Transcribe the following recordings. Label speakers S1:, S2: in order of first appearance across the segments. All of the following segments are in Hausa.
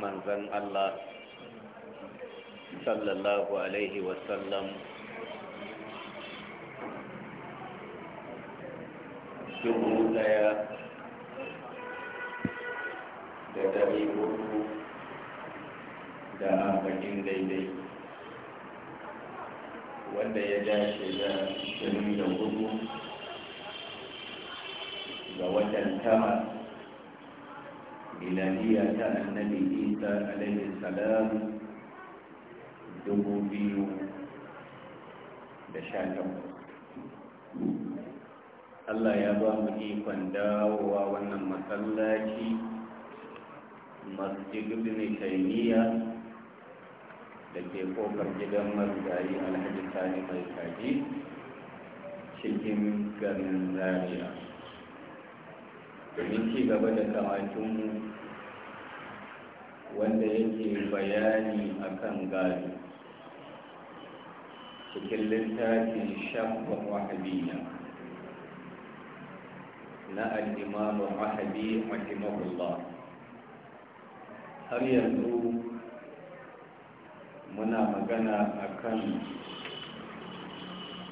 S1: manzan Allah sallallahu alaihi wasallam Musa alaihi salam dubu biyu da sha Allah ya ba mu ikon dawowa wannan masallaci masjid ibn taymiya da ke kofar gidan marigayi alhaji sani mai kaji cikin garin zaria domin ci gaba da kamatunmu wanda yake bayani akan gado cikin littafin shafa wahabiya na al'imamu wahabi rahimahullah har yanzu muna magana akan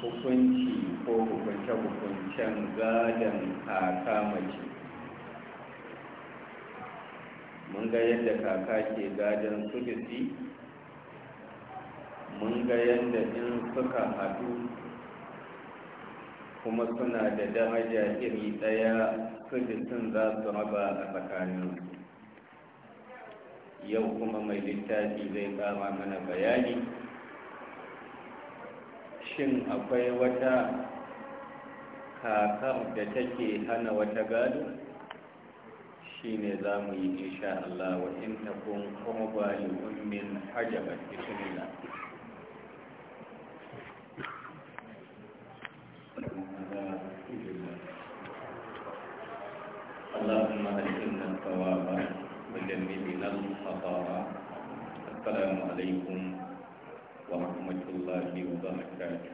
S1: hukunci ko hukunce-hukuncen gadon kaka mace mun ga yadda kaka ke gadon sujisi mun ga yadda in suka haɗu kuma suna da daraja iri ɗaya sujisin za su raba a tsakaninsu yau kuma mai littafi zai ƙara mana bayani shin akwai wata kakar da take hana wata gado? shine za mu yi insha Allah wa in takun ba li ummin hajabat bismillah اللهم ألهمنا الثواب وجنبنا الخطايا السلام عليكم ورحمة الله وبركاته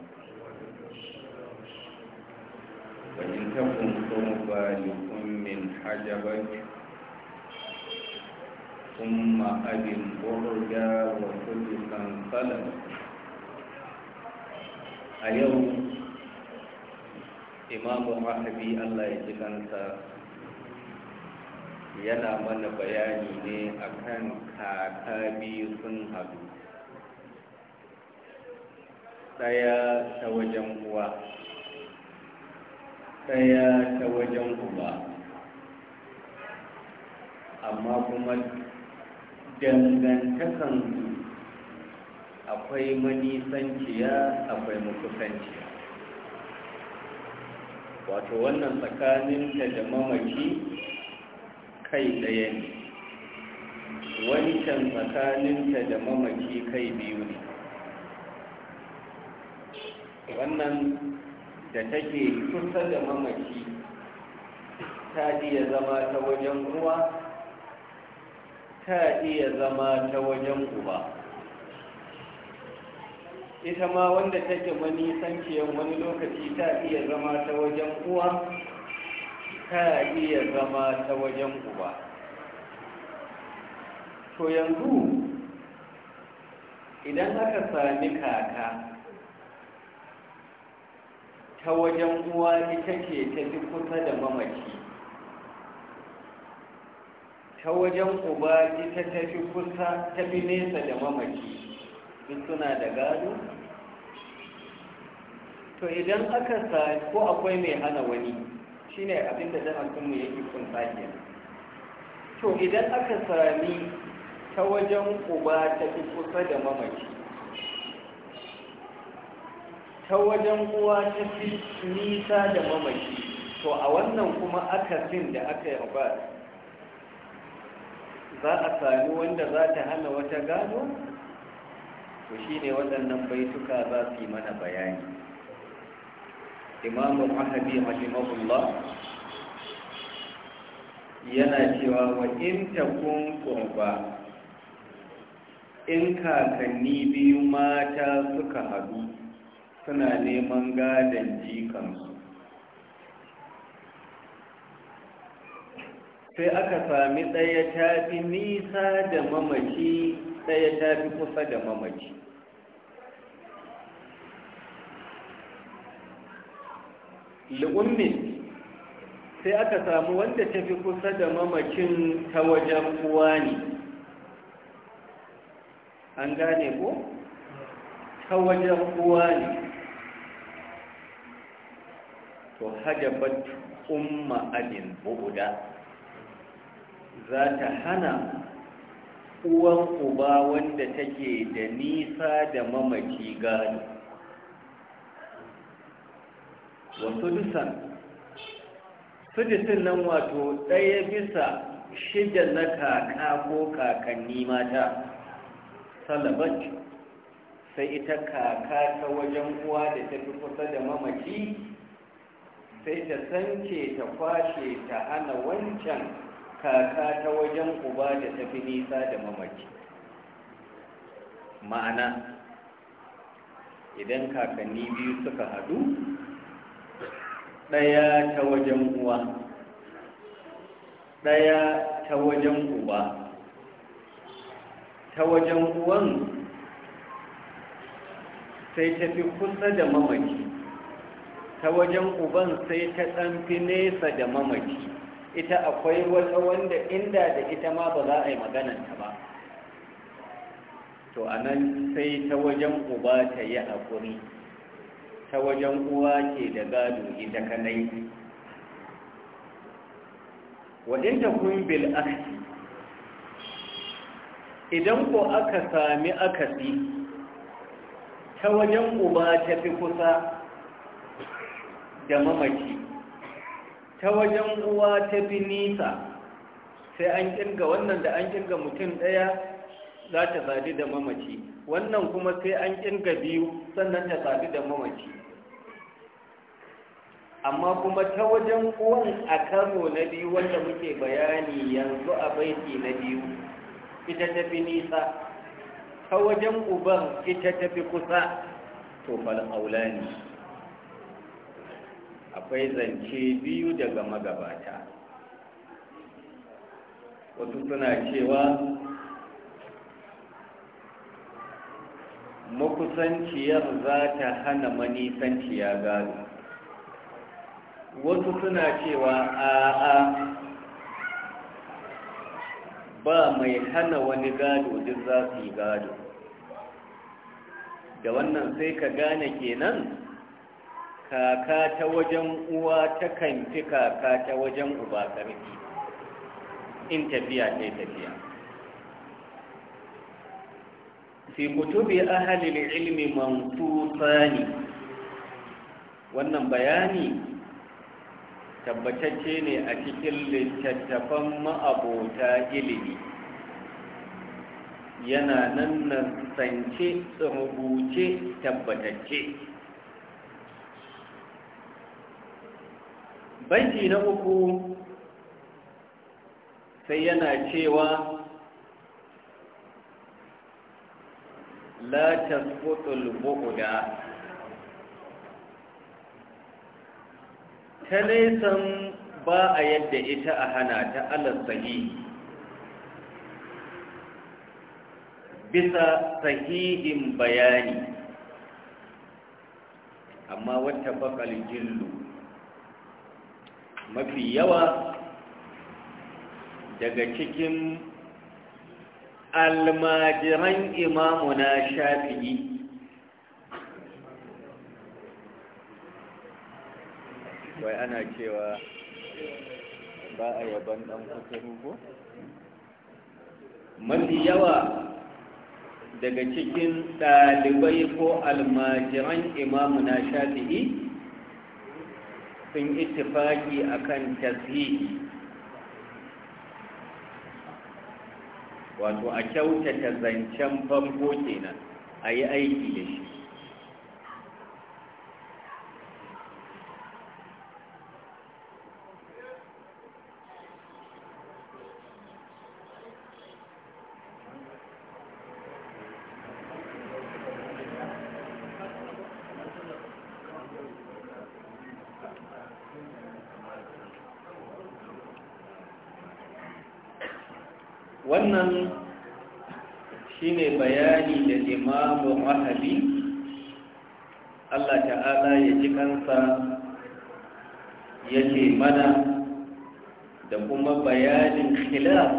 S1: وإن تكن قربى من حجبك ثم أبن برجا وسلسا قلم اليوم إمام رحبي الله يجلنك yana mana bayani ne akan kaka biyu sun haɗu ɗaya ta wajen kuma amma kuma dangantakan akwai manisanciya akwai makusanciya wato wannan tsakanin da da mamaki kai ɗaya ne wancan tsakanin ta da mamaki kai biyu ne wannan da take kusa da mamaki ta iya zama ta wajen ruwa ta iya zama ta wajen uba ita ma wanda take manisanciyar wani lokaci ta iya zama ta wajen uwa ta iya zama ta wajen uba to yanzu idan aka sami kaka ta wajen uwa ita ce ta fi kusa da mamaki. ta wajen uba ita tafi kusa tafi nesa da mamaki in suna da gado to idan aka sa ko akwai mai hana wani shine abin da mu yake kun tsakiya to idan aka sami ta wajen uba tafi kusa da mamaki ta wajen uwa tafi nisa da mamaki to a wannan kuma aka fin da aka yi za a sami wanda za ta hana wata gano to shi ne waɗannan baituka za su yi mana bayani imamu mahabi rahimahullah yana cewa wa in takun qurba in kakanni biyu mata suka haɗu, suna neman gadon jikansu sai aka sami ɗaya ta fi nisa da mamaci ɗaya ta fi kusa da mamaci li'ummin sai aka samu wanda ta fi kusa da mamacin ta wajen uwa ne an gane ko? ta wajen uwa ne to hajjabat umma adin buɗa za ta hana uwan uba wanda take da nisa da mamaci gano. wasu dusan sudisin nan wato ɗaya bisa shida na kaka ko kakanni mata salabat sai ita kaka ta wajen uwa da ta fi kusa da mamaci sai ta sanke ta kwashe ta hana wancan kaka ta wajen uba da tafi nisa da mamaki, ma'ana idan kakanni biyu suka hadu ɗaya ta wajen uwa ɗaya ta wajen uba ta wajen uwan sai ta fi kusa da mamaki, ta wajen uban sai ta ɗanfi nesa da mamaki. ita akwai wata wanda inda da ita ma ba za a yi magananta ba to a nan sai ta wajen uba ta yi haƙuri ta wajen uwa ke da gado ita kanai Waɗanda kun bil aksi idan ko aka sami akasi ta wajen uba ta fi kusa da mamaki. ta wajen uwa ta bi nisa sai an kirga wannan da an kirga mutum ɗaya za ta sadu da mamaci wannan kuma sai an kirga biyu sannan ta sadu da mamaci amma kuma ta wajen uwan a karo na biyu wanda muke bayani yanzu a baiki na biyu ita ta fi nisa ta wajen uban ita ta fi kusa to fal'aula ne akwai zance biyu daga magabata wasu suna cewa makusanciyar za ta hana manisanciya gado wasu suna cewa a'a ba mai hana wani gado duk za su yi gado da wannan sai ka gane kenan kaka ta wajen uwa ta kan fi kaka ta wajen uba ƙarfi in tafiya ta tafiya fi kutubi ahalil ilmi ne. wannan bayani tabbatacce ne a cikin littattafan ma'abota ilimi yana nan nan sance rubuce tabbatacce Banki na uku sai yana cewa la tasbutul buhuda ta nesan ba a yadda ita a hana ta alas bisa sahihin bayani amma wata bakal jillu mafi yawa daga cikin almajiran imamuna shafi'i wai ana cewa ba a yaban ɗan kuturu ko? mafi yawa daga cikin ɗalibai ko almajiran imamuna shafi'i sun a kan tasiri wato a kyautata zancen bango kenan a yi aiki da shi sa yake mana da kuma bayanin khilaf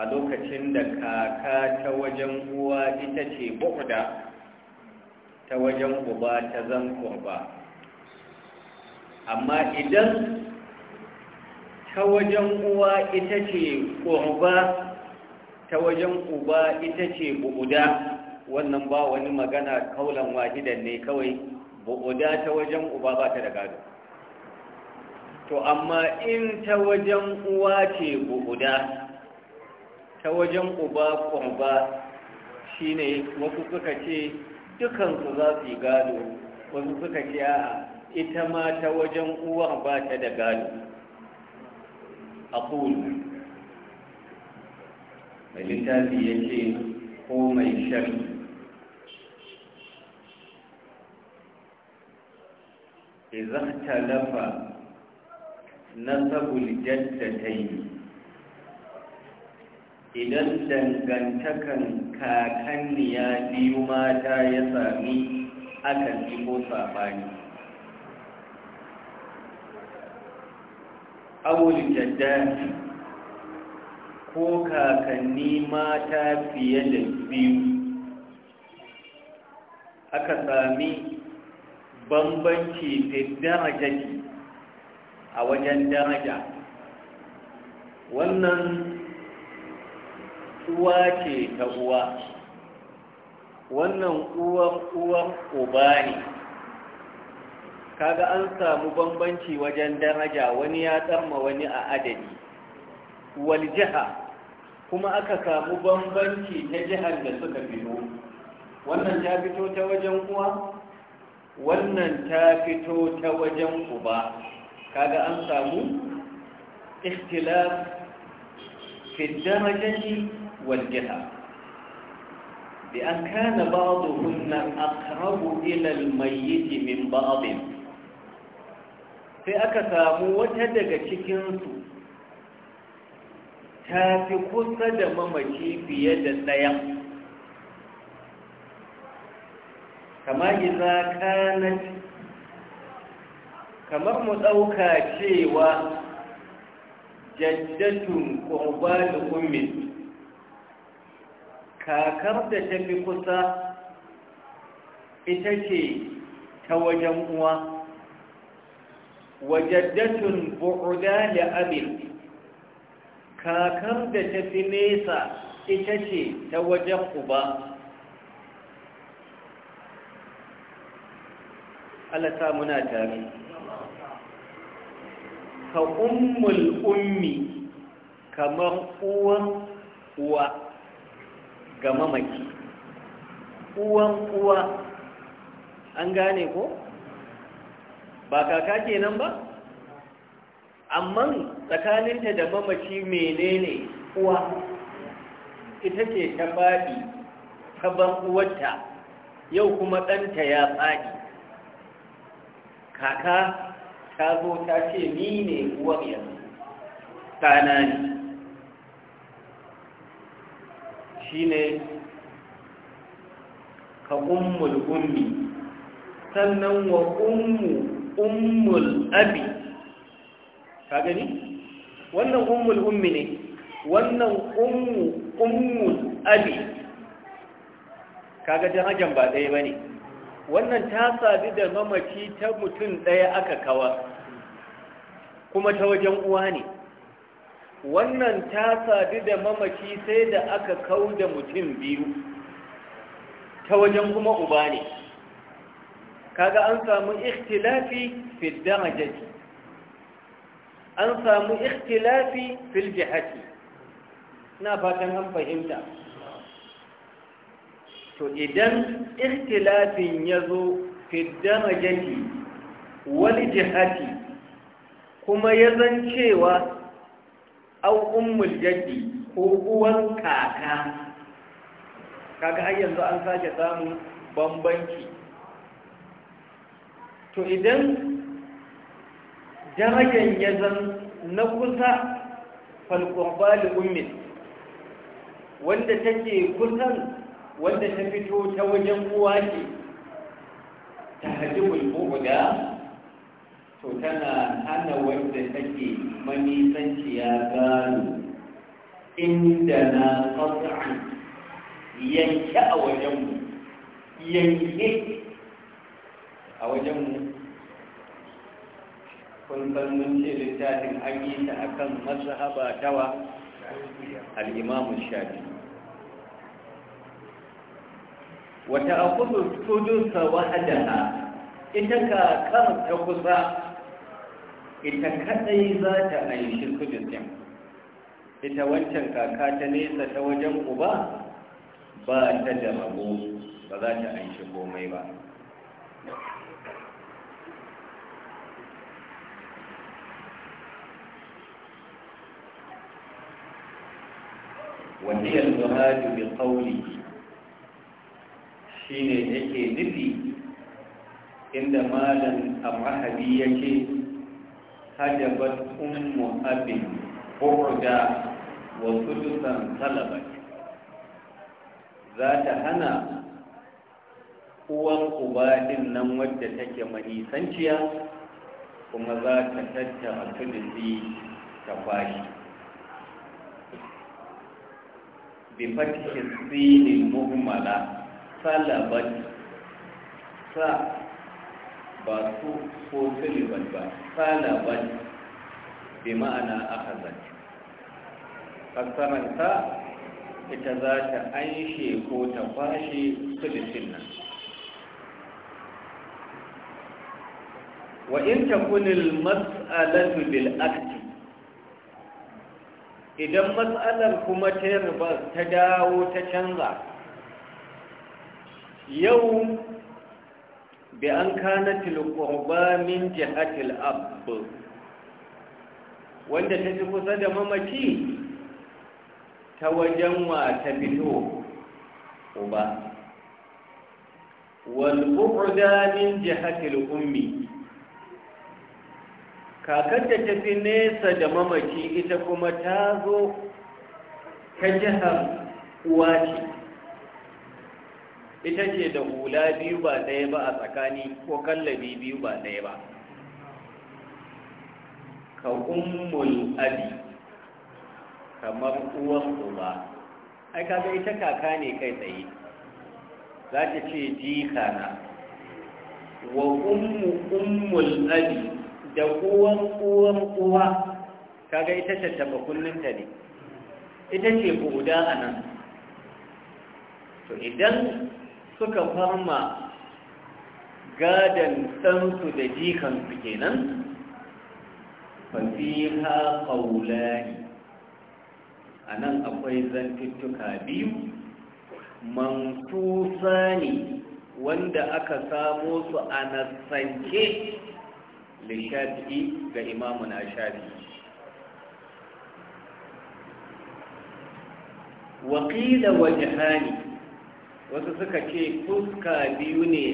S1: a lokacin da kaka ta wajen uwa ita ce buɗa ta wajen uba ta zan kurba amma idan ta wajen uwa ita ce kurba ta wajen uba ita ce buɗa wannan ba wani magana kaulan wahidan ne kawai bu'uda ta wajen uba ba ta da gado to amma in ta wajen uwa ce bu'uda ta wajen uba ƙurba shi ne wasu suka ce dukansu za su yi gado wasu suka ce a ita ma ta wajen uwar ba ta da gado a ƙulu mai littafi ya ce ko mai shari'a idan talafa nasabul jaddatayn idan dangantakan kakanniya biyu mata ya sami akan yi ko awul jaddati ko kakanni mata fiye da biyu aka sami bambanci daraja darajati a wajen daraja wannan uwa ce ta uwa wannan uwar uwar uba ne kaga an samu bambanci wajen daraja wani ya tsarma wani a adadi wal jiha kuma aka samu bambanci ta jihar da suka fito wannan ta fito ta wajen uwa wannan ta fito ta wajen uba kaga an samu ikhtilaf fi darajati wal jiha bi an kana ba'dhunna aqrabu ila al mayyit min ba'd sai aka samu wata daga cikin su ta fi kusa da mamaci fiye da ɗaya kama iza kanat kamar mu ɗauka cewa jaddatun da ummin kakar da ta fi kusa ita ce ta wajen uwa wajaddatun bu'uda da abin kakar da ta fi nesa ita ce ta wajen uba Allah sa muna tare ka ummul ummi kamar uwan uwa ga mamaki uwan uwa an gane ko ba kaka kenan ba amma tsakaninta da mamaci menene uwa ita ce ta faɗi ta ban uwarta yau kuma ɗanta ya faɗi kaka ta zo ta ce ni ne uwar yanzu ɗana ne shi ne ka ummul ummi sannan wa ummu ummul abi ka gani wannan ummul ummi ne wannan ummu ummul abi kaga jan ba ɗaya ba ne wannan ta sadu da mamaci ta mutum ɗaya aka kawa kuma ta wajen uwa ne wannan ta sadu da mamaci sai da aka kawo da mutum biyu ta wajen kuma uba ne kaga an samu ikhtilafi fil darajati an samu ikhtilafi fil jihati ina fatan an fahimta to idan ikhtilafin ya zo fiddarajati wani jihati kuma ya zan cewa au ummul ko uwan kaka kaga har yanzu an sake samun bambanci to idan darajan ya zan na kusa falkurba da ummin wanda take kusan wanda ta fito ta wajen uwa ce ta bulbu guda, to tana hana wanda take manisanciya gano inda na ƙasa'an yanke a wajenmu yanke a wajenmu kun san mun ce littafin an ta akan mazhaba tawa al-imamu wata akudu tudunsa wahadaha ita ka kama ta kusa ita kadai za ta aishi kudusin ita wancan kaka ta nesa ta wajen uba ba ta da rabo ba za ta aishi komai ba وهي المراد بقوله Shi ne yake nufi inda malam amrahabi yake hajjabar ummu abin burda wa sudusan talabar za ta hana uwan uba din nan wadda take manisanciya kuma za ta tattara sulusi ta kwashi bi tsinin muhimmala salaban sa ba su ko siliban ba salaban bi ma'ana akazat fassaranta ita za ta anshe ko ta kwashe silisin nan wa in takunil mas'alatu bil akti idan mas'alar kuma ta yarba ta dawo ta canza yau bi an kana tilkurba min jihatil ab wanda ta fi kusa da mamaci ta wajen wa ta fito uba walbu'uda min jihatil ummi kakar da ta fi nesa da mamaci ita kuma ta zo ta jihar uwa ce ita ce da hula biyu ba ɗaya ba a tsakani ko kallabi biyu ba ɗaya ba ka ummul abi kamar uwan uba ai kaga ita kaka ne kai tsaye za ta ce ji kana wa ummu ummul abi da uwan uwan uwa kaga ita tattaba kullun ta ne ita ce a nan. to idan suka farma gadan ɗansu da jikansu kenan fasiha ƙaulani a nan akwai zantuttuka biyu mantusa ne wanda aka samo su a nasance lishafi ga imamu na shafi waƙila wajahani wasu suka ce fuska biyu ne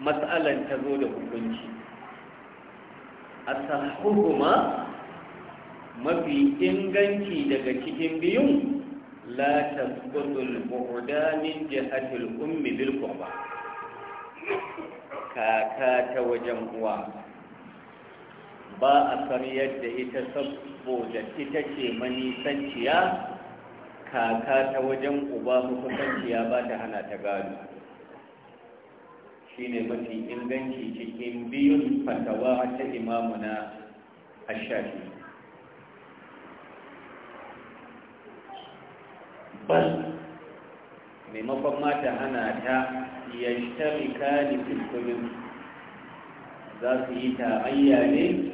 S1: matsalan ta zo da hukunci a sahuhuma mafi inganci daga cikin biyun la ta bu'da min jihatul ummi bil qurba kaka ta wajen uwa ba a san yadda ita saboda ita ce manisanciya kaka ta wajen uba ya ba ta hana ta gado shine ne mafi inganci cikin biyun fatawa ta imamuna ashafi bal maimakon mata hana ta yashtari kani filkulin za su yi ta ne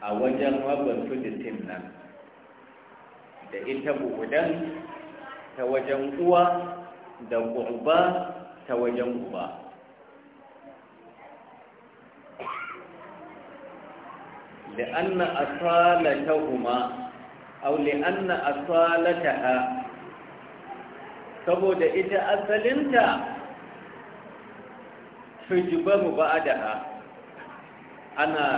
S1: a wajen rabar su da tim nan da ita gudan ta wajen uwa da uba ta wajen uba لأن أصالتهما أو لأن أصالتها سبود إذا أصلنت تجبه بعدها أنا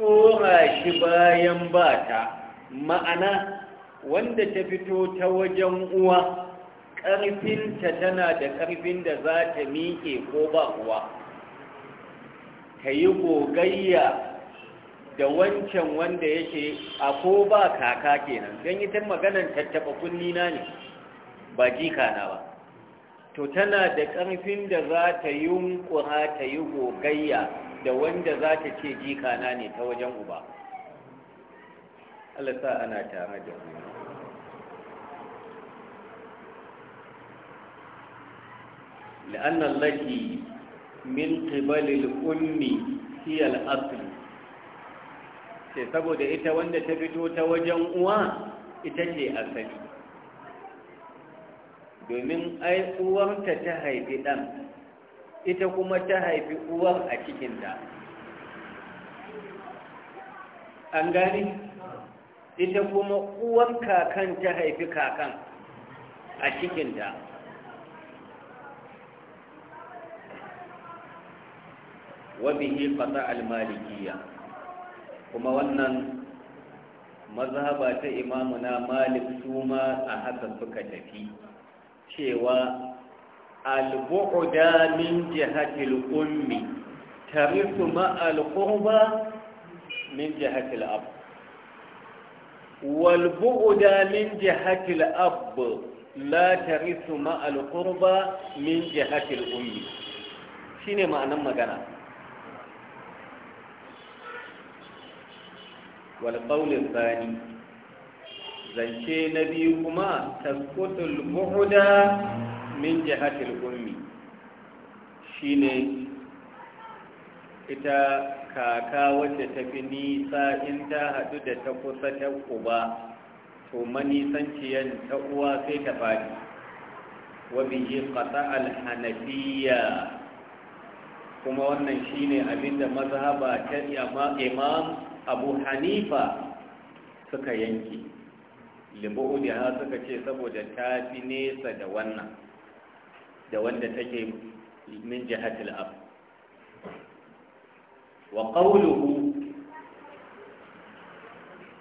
S1: ƙora shi bayan bata ma'ana wanda ta fito ta wajen uwa ƙarfinta tana da ƙarfin da za ta miƙe ko ba uwa ta yi gogayya da wancan wanda yake a ko ba kaka kenan don ita maganar tattaɓa kunnina ne ba jikana ba to tana da ƙarfin da za ta yunƙura ta yi gogayya da wanda za ta ce jikana ne ta wajen uba Allah sa ana tare da mu لأن التي من ummi hiya al-asl sai saboda ita wanda ta fito ta wajen uwa ita ce asali domin ai uwarta ta haifi ɗan ita kuma ta haifi uwar a cikinta an gani ita kuma uwar kakan ta haifi kakan a cikinta wabihi fata almalikiya kuma wannan mazhaba ta imamuna malik su ma a haka suka tafi cewa albu'uda min jihatil ummi tarisu ma alqurba min jihatil abu والبعد من جهة الأب لا ترث مع القربى من جهة الأم شنو معنى مغنى والقول الثاني zance na biyu kuma taskutul bu'da min jihatil ummi shine ita kaka wacce ta fi nisa in ta haɗu da ta kusa ta uba to manisanciyar ta uwa sai ta faɗi wa biyi qata al kuma wannan shine abinda mazhaba ta imam abu hanifa suka yanki ha suka ce saboda ta fi nesa da wannan da wanda take min jihatul ab wa qawluhu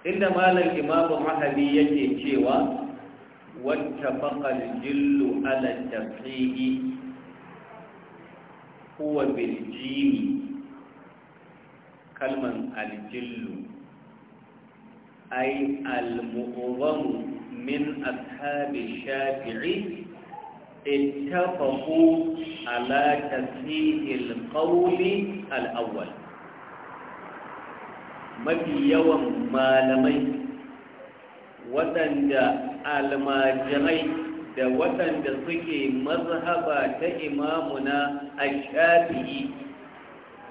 S1: inda malam imamu mahabi yake cewa wattafaqal jillu ala tafhihi huwa bil kalman aljillu ay al-mu'awwamu min ashabi shafi'i ittafaqu ala tafhihi al-qawli al-awwal mafi yawan malamai waɗanda almajirai da waɗanda suke mazhaba ta imamuna a shafi'i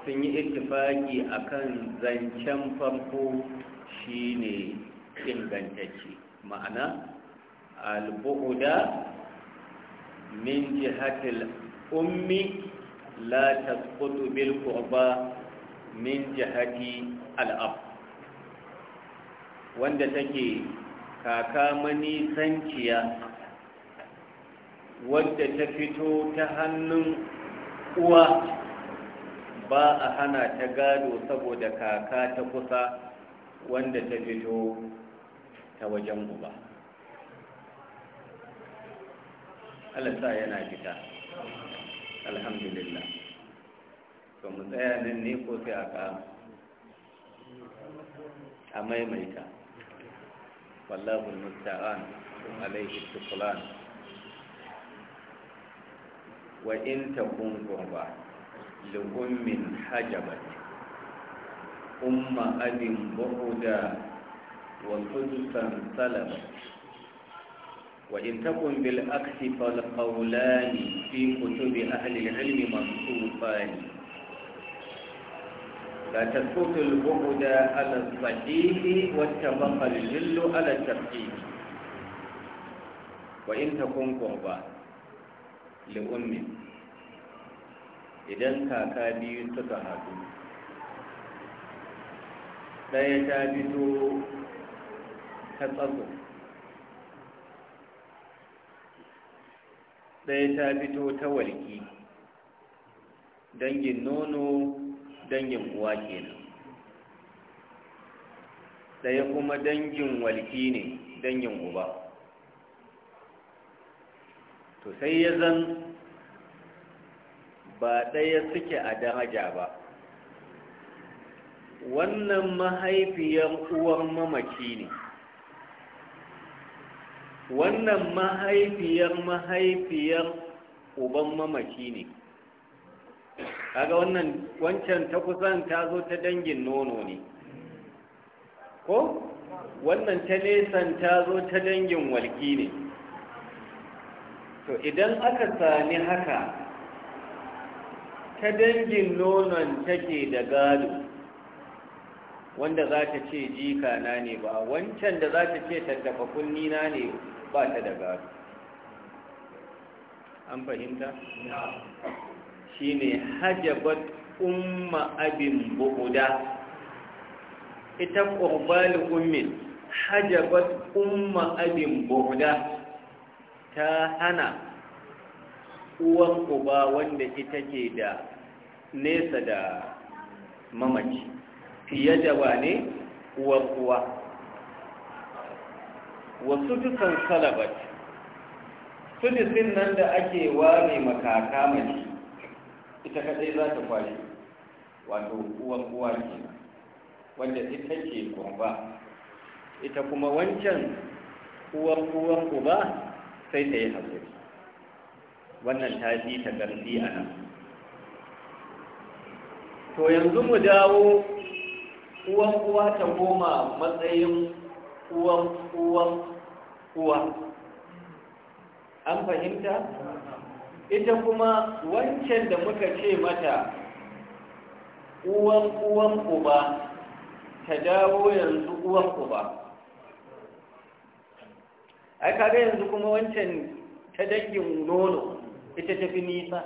S1: sun yi a kan zancen farko shi ne ingantacce ma'ana albu'uda min jihatil ummi la tasqutu bil qurba min jihati al'ab wanda take kaka mani sanciya, wadda ta fito ta hannun uwa ba a hana ta gado saboda kaka ta kusa wanda ta fito ta wajen uba alasa yana fita alhamdulillah ba mu tsaya nan ne ko sai a ƙara a maimaita wallahul musta'an alaihi tukulan wa in takun gurba ummin hajabat umma adin buhuda wa Wa in sudusan salabat وإن تكن بالعكس فالقولان في كتب أهل العلم منصوبان لا تسقط البعد على الصحيح واتفق الجل Ba in وإن تكون قربا لأم idan kaka biyu suka haɗu ɗaya ta fito ta tsaso ɗaya ta fito ta walki dangin nono dangin uwa kenan ɗaya kuma dangin walki ne dangin uba to sai ya zan ba ɗaya suke a daraja ba wannan mahaifiyar uwar mamaci ne wannan mahaifiyar mahaifiyar uban mamaci ne kaga wannan wancan ta kusan ta zo ta dangin nono ne ko wannan ta nesan ta zo ta dangin walki ne to idan aka sami haka ta dangin nonon take da gado wanda za ta ce jika na ne ba wancan da za ta ce tattafa kunni na ne ba ta da gado an fahimta? shine hajabat umma abin buhuda ita ƙurbalu ummin hajabat umma abin buhuda ta hana uwan uba wanda ita ke da nesa da mamaci fiye da wane uwar uwa wasu dukan salabat sulisin nan da ake ware makaka mace ita kadai za ta kwashe wato uwan uwa kenan wanda ita ce kwamba. ita kuma wancan uwan uwan uba sai ta yi haƙuri wannan ta ji ta garfi a nan to yanzu mu dawo uwan uwa ta goma matsayin uwan uwan uwa an fahimta ita kuma wancan da muka ce mata uwan uwan uba ta dawo yanzu uwan uba ai kaga yanzu kuma wancan ta dangin nono ita ta fi nisa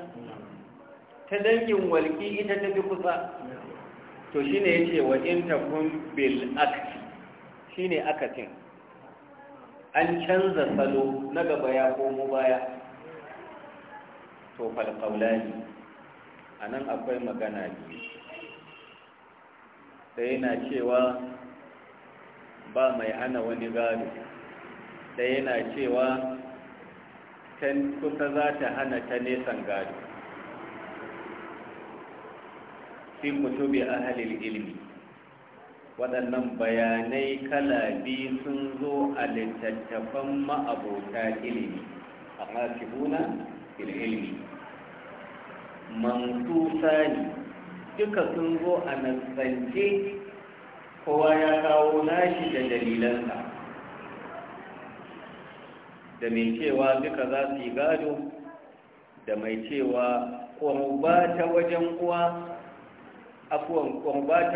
S1: ta dangin walki ita ta fi kusa to shi ya ce wa in kun bil akti ne akatin an canza salo na gaba ya komo baya to falƙaulani a nan akwai magana biyu ɗaya na cewa ba mai hana wani gado ɗaya na cewa ta kusa za ta hana ta nesan gado fi kutubi ahalil ilmi waɗannan bayanai kala biyu sun zo a littattafan ma'abota ilimi a ƙasibuna ilmi Sani, duka sun zo a nasance kowa ya kawo nashi da dalilansa da mai cewa duka za su yi gado da mai cewa ƙwarba ta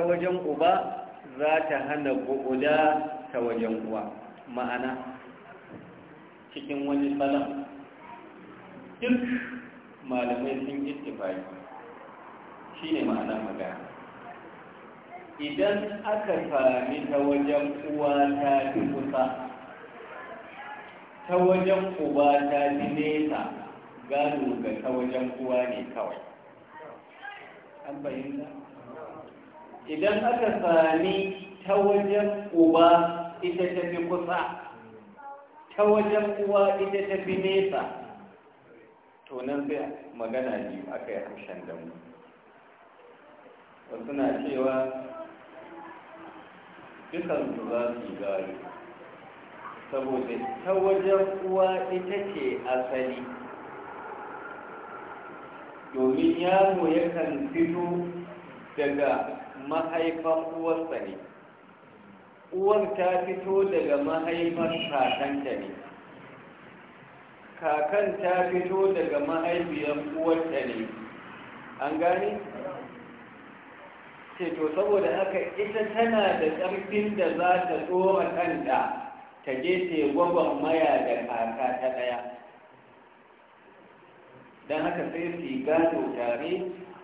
S1: wajen uba za ta hana guda ta wajen uwa ma'ana cikin wani salam duk malamai sun ittifaki shi ne ma'anar magana idan aka sami ta wajen uwa ta fi kusa ta wajen uba ta fi nesa gano ga ta wajen uwa ne kawai an bayyana idan aka sami ta wajen uba ita ta fi kusa ta wajen uwa ita ta fi nesa to nan sai magana biyu aka yi da mu. wasu na cewa dukansu za su gari saboda ta wajen uwa ita ce asali domin yaro yakan fito daga mahaifan uwarsa ne uwar ta fito daga mahaifar shakanta ne kakan ta fito daga mahaifiyar uwarta ne an gane? ce to saboda haka ita tana da ƙarfin da za ta tsora kanta ta je ta maya da kaka ta ɗaya don haka sai su yi gano tare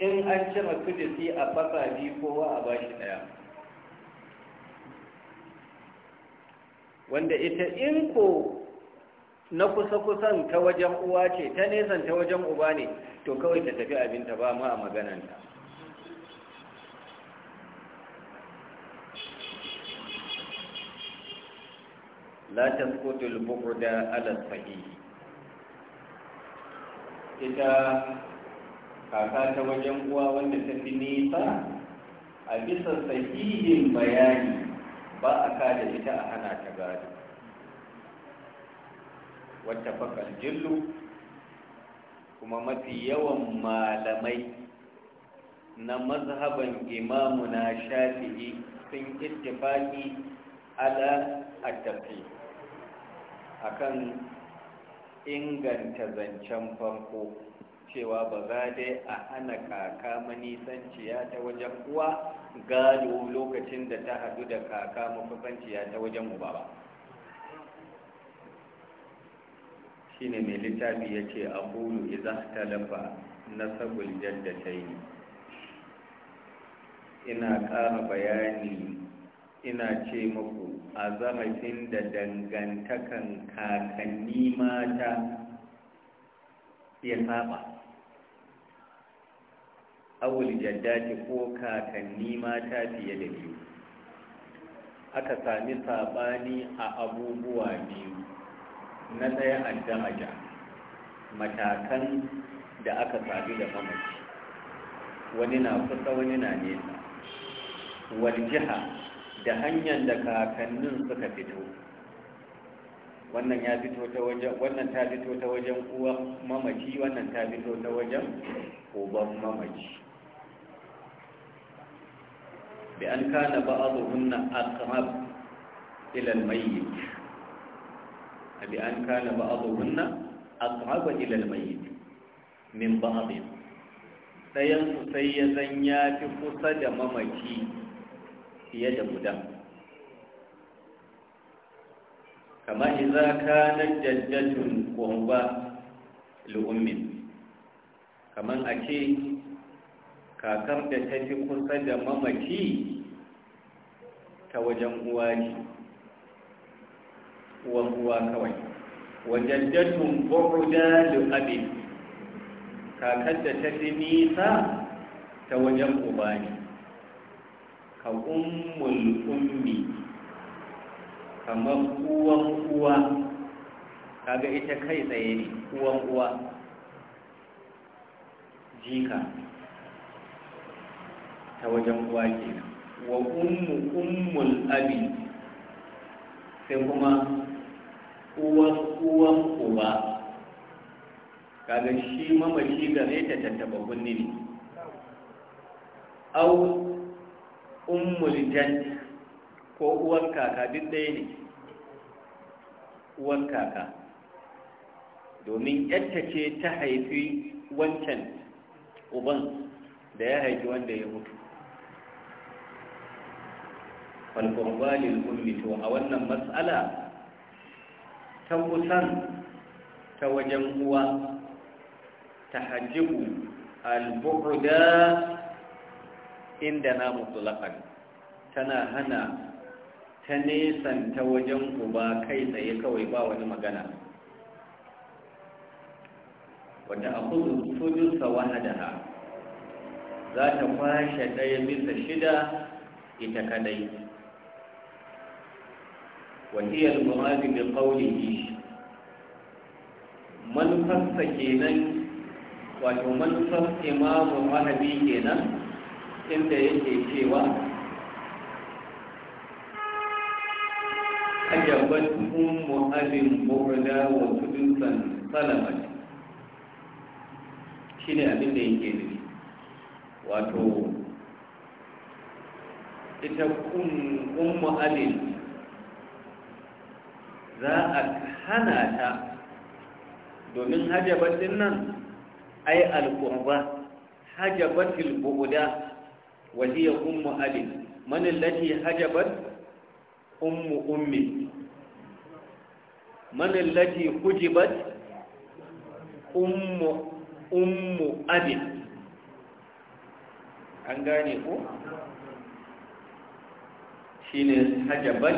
S1: in an da kudisi a fasa biyu kowa a bashi ɗaya wanda ita in ko na kusa-kusan ta wajen uwa ce ta nesan ta wajen uba ne to kawai ta tafi abinta ba ma a magananta la ta skutul da alas fahihi ita kaka ta wajen uwa wanda ta fi nisa a bisa sahihin bayani ba a kada ita a hana ta gado wata fakar jillu kuma mafi yawan malamai na mazhaban Imamu na shafi'i sun ittifaki ala a akan inganta zancen farko cewa ba za dai a hana kaka manisanciya ta wajen uwa gado lokacin da ta hadu da kaka mafisanciya ta wajen uba ba shine mai littafi ya ce a hulu idan talafa na sabul yi. ina ƙara bayani ina ce muku a zarafin da dangantakan kakanni mata ya saba awul ce ko kakanni mata fiye da biyu aka sami sabani a abubuwa biyu na ɗaya addaraja matakan da aka sadu da mamaci wani na kusa wani na nesa waljiha da hanyar da kakannin suka fito wannan ya fito ta wajen wannan ta fito ta wajen uwar mamaci wannan ta fito ta wajen uban mamaci bi an kana ba'dhunna aqrab ila al-mayyit bi an kana ba'dhunna aqraba ila al-mayyit min ba'd dayan su sai ya zan ya fi kusa da mamaki fiye da guda kama idza kana jaddatun qurba lu'ummin kaman a ce kakar da ta fi kusa da mamaki ta wajen uwa ne uwan uwa kawai wajaddatun bu'da da abi kakar da ta fi nisa ta wajen uba ne ka ummul ummi kamar uwan uwa kaga ita kai tsaye ne uwan uwa jika ta wajen uwa ke wa ummu ummul abi sai kuma uwan uwan uba kaga shi mamaci gare ta tattaba kunni ne au ummul ko uwar kaka duk ɗaya ne uwar kaka domin yadda ce ta haifi wancan uban da ya haifi wanda ya mutu Falkon ummi to a wannan matsala ta wutan ta wajen uwa ta hajjibu al da inda na mutulakan tana hana ta ta wajen uba kai tsaye kawai ba wani magana wanda a kudu sujusa da za ta kwashe ɗaya bisa shida ita kadai وهي المراد بقوله من kenan, كينا ومن فس إمام وهبي كينا inda yake cewa ajabat ummu abin buhda wa tudusan salamat shine abin da yake nufi wato ita ummu abin za a hana ta domin hajjabatin nan ai alƙurba hajjabatil buɗa wahiyar ummu abin manin lati hajjabat ummu ummi manin lati hujibat ummu ummu abin an gane ko shine ne hajjabat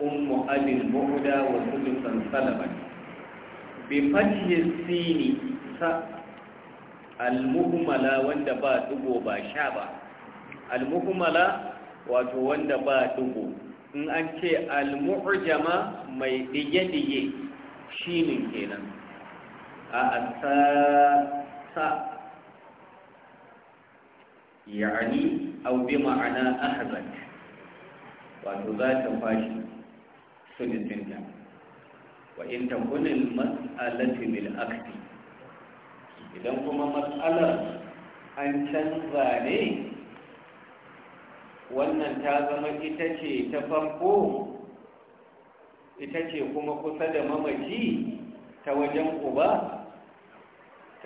S1: ummu abin buhuda wa sulusan salaman bi fatihi sini sa almuhmala wanda ba dugo ba sha ba almuhmala wato wanda ba dugo in an ce almu'jama mai diye-diye shinin kenan a asasa yani au ma'ana wato za ta sudisinta wa in takunin mas'alati bil akti idan kuma mas'alar an canza ne wannan ta zama ita ce ta farko ita ce kuma kusa da mamaci ta wajen uba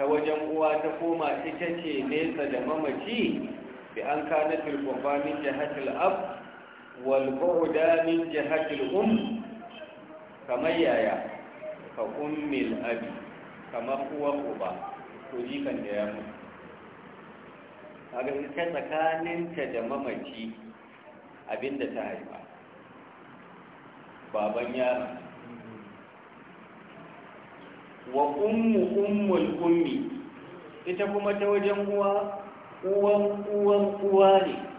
S1: ta wajen uwa ta koma ita ce nesa da mamaci bi an kana tilkufa min jihatil ab wal bu'da min jihatil um kamar yaya ka ummil abi kamar uwar uba to jikan da ya mutu kaga ita tsakaninta da mamaci abinda ta haifa baban yara wa ummu ummul ummi ita kuma ta wajen uwa uwan uwan uwa ne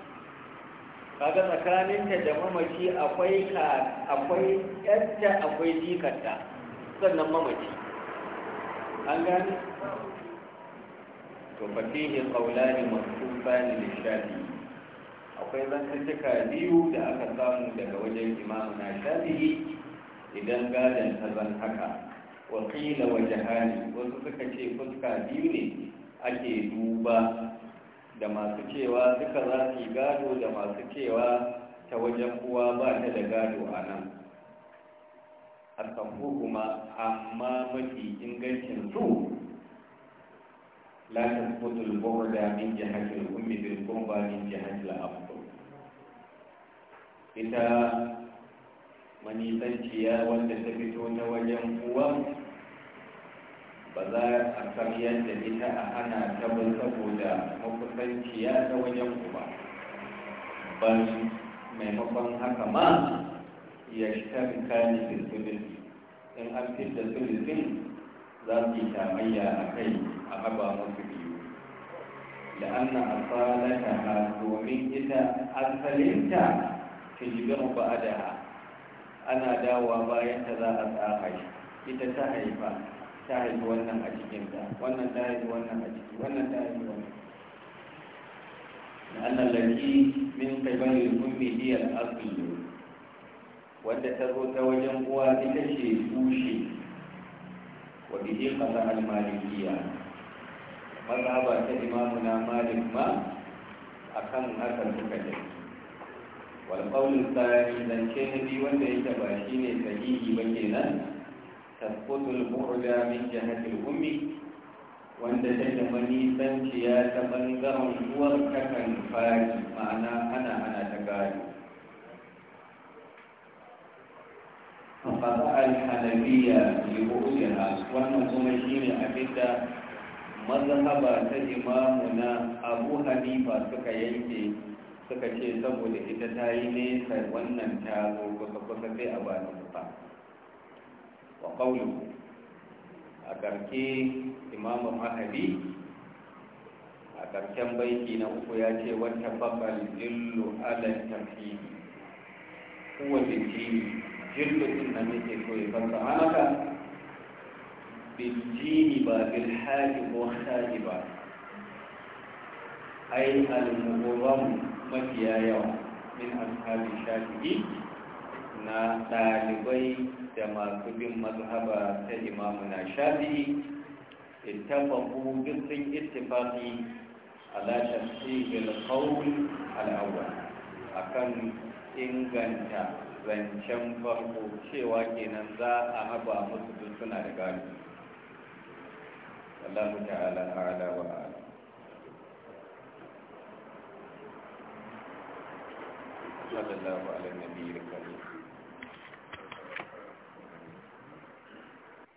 S1: kaga tsakaninta da mamaci akwai ka akwai yadda akwai jikarta sannan mamaci an gani to fatihi qawlani maktubani shafi. akwai zantuttuka biyu da aka samu daga wajen imamu na shafi idan gadon zan haka wakila wa wajhani wasu suka ce fuska biyu ne ake duba da masu cewa duka za su yi gado da masu cewa ta wajen uwa ba ta da gado a nan a kamfu kuma amma mafi ingancin su la tasbutul bu'da min jihatil ummi bil min jihatil ab ita manisanciya wanda ta fito na wajen kuwa? ba za a karyar da ita a hana ta ba saboda makusanciya ta wajen ku ba ban maimakon haka ma ya shafi kani da sulisi in an fi da sulisin za su yi tamayya a kai a haba musu biyu da an na asalata ha domin ita asalinta ta jibin ba'ada ana dawowa bayan ta za a tsaka shi ita ta haifa ta yi wannan a cikinta wannan ta wannan a cikin wannan ta haifi wannan min kai من قبل الأم هي الأصل wadda ta zo ta wajen uwa ita ce tushe wadda ke kasa almalikiya ba ta imamu na malik ma a kan haka suka ce walƙaunin tsari zance na biyu wanda ya ba shi ne sahihi ba kenan تثبت البعد من جهة الأم wanda ta tafi nisanci ya ta ɓangaren uwar kakan fari ma'ana ana ana ta gari faɗa alhalabiya yi bu'uliha wannan kuma shi ne abinda mazhaba ta imamu na abu hanifa suka yanke suka ce saboda ita ta yi nesa wannan ta zo kusa kusa sai a bani wa qawluhu a karke imamu mahadi a karken baiki na uku ya ce wata bakal jillu alan tafi kuwa biljini jillu din na nake so ya fasa haka biljini ba bilhaji ko haji ba ai al-mughram mafiya yawa min ashabi shafi'i na ɗalibai da masu bin mazhaba ta imamu imamuna shafi'i ittafaqu duk sun ittifaqi ala tafsiril qawl al-awwal akan inganta zancen farko cewa kenan za a haba musu duk suna da gani wallahu ta'ala a'la wa a'la sallallahu ala nabiyyi